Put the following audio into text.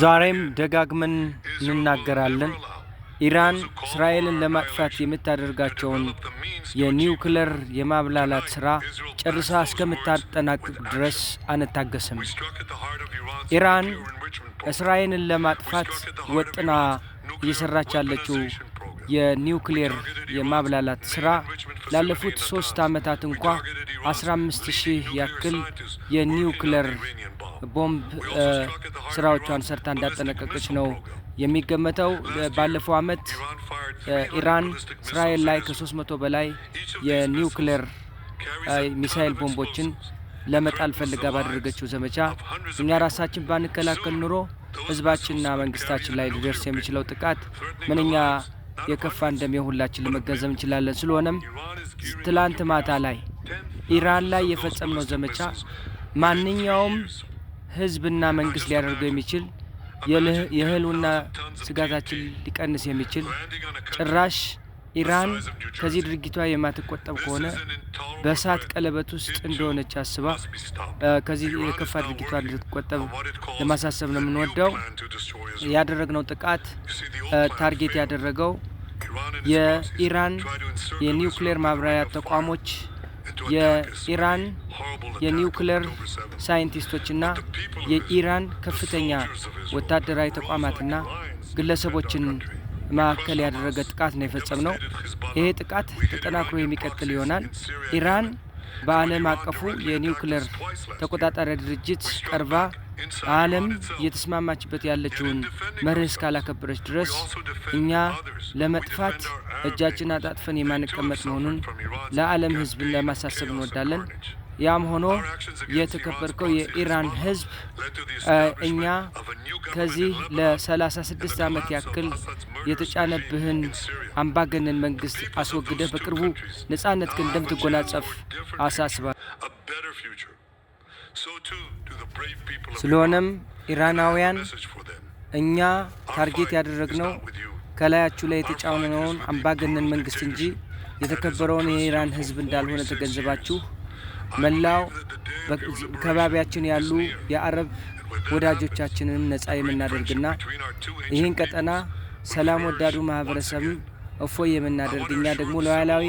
ዛሬም ደጋግመን እንናገራለን። ኢራን እስራኤልን ለማጥፋት የምታደርጋቸውን የኒውክለር የማብላላት ስራ ጨርሳ እስከምታጠናቅቅ ድረስ አንታገስም። ኢራን እስራኤልን ለማጥፋት ወጥና እየሰራች ያለችው የኒውክሌር የማብላላት ስራ ላለፉት ሶስት ዓመታት እንኳ 15 ሺህ ያክል የኒውክለር ቦምብ ስራዎቿን ሰርታ እንዳጠናቀቀች ነው የሚገመተው። ባለፈው አመት ኢራን እስራኤል ላይ ከሶስት መቶ በላይ የኒውክሌር ሚሳይል ቦምቦችን ለመጣል ፈልጋ ባደረገችው ዘመቻ እኛ ራሳችን ባንከላከል ኑሮ ህዝባችንና መንግስታችን ላይ ሊደርስ የሚችለው ጥቃት ምንኛ የከፋ እንደሚሆን ሁላችን ለመገንዘብ እንችላለን። ስለሆነም ትላንት ማታ ላይ ኢራን ላይ የፈጸምነው ዘመቻ ማንኛውም ህዝብና መንግስት ሊያደርገው የሚችል የህልውና ስጋታችን ሊቀንስ የሚችል ጭራሽ ኢራን ከዚህ ድርጊቷ የማትቆጠብ ከሆነ በእሳት ቀለበት ውስጥ እንደሆነች አስባ ከዚህ የከፋ ድርጊቷ ልትቆጠብ ለማሳሰብ ነው የምንወደው። ያደረግነው ጥቃት ታርጌት ያደረገው የኢራን የኒውክሌር ማብራሪያ ተቋሞች የኢራን የኒውክሌር ሳይንቲስቶችና የኢራን ከፍተኛ ወታደራዊ ተቋማትና ግለሰቦችን ማዕከል ያደረገ ጥቃት ነው ነው። ይሄ ጥቃት ተጠናክሮ የሚቀጥል ይሆናል። ኢራን በዓለም አቀፉ የኒውክሌር ተቆጣጣሪ ድርጅት ቀርባ ዓለም እየተስማማችበት ያለችውን መርህ እስካላከበረች ድረስ እኛ ለመጥፋት እጃችን አጣጥፈን የማንቀመጥ መሆኑን ለዓለም ህዝብን ለማሳሰብ እንወዳለን። ያም ሆኖ የተከበርከው የኢራን ህዝብ እኛ ከዚህ ለ36 ዓመት ያክል የተጫነብህን አምባገነን መንግስት አስወግደህ በቅርቡ ነጻነት ግን እንደምትጎናጸፍ አሳስባል። ስለሆነም ኢራናውያን እኛ ታርጌት ያደረግነው ከላያችሁ ላይ የተጫነውን አምባገነን መንግስት እንጂ የተከበረውን የኢራን ህዝብ እንዳልሆነ ተገንዝባችሁ መላው ከባቢያችን ያሉ የአረብ ወዳጆቻችንን ነጻ የምናደርግና ይህን ቀጠና ሰላም ወዳዱ ማህበረሰብም እፎይ የምናደርግ እኛ ደግሞ ሉዓላዊ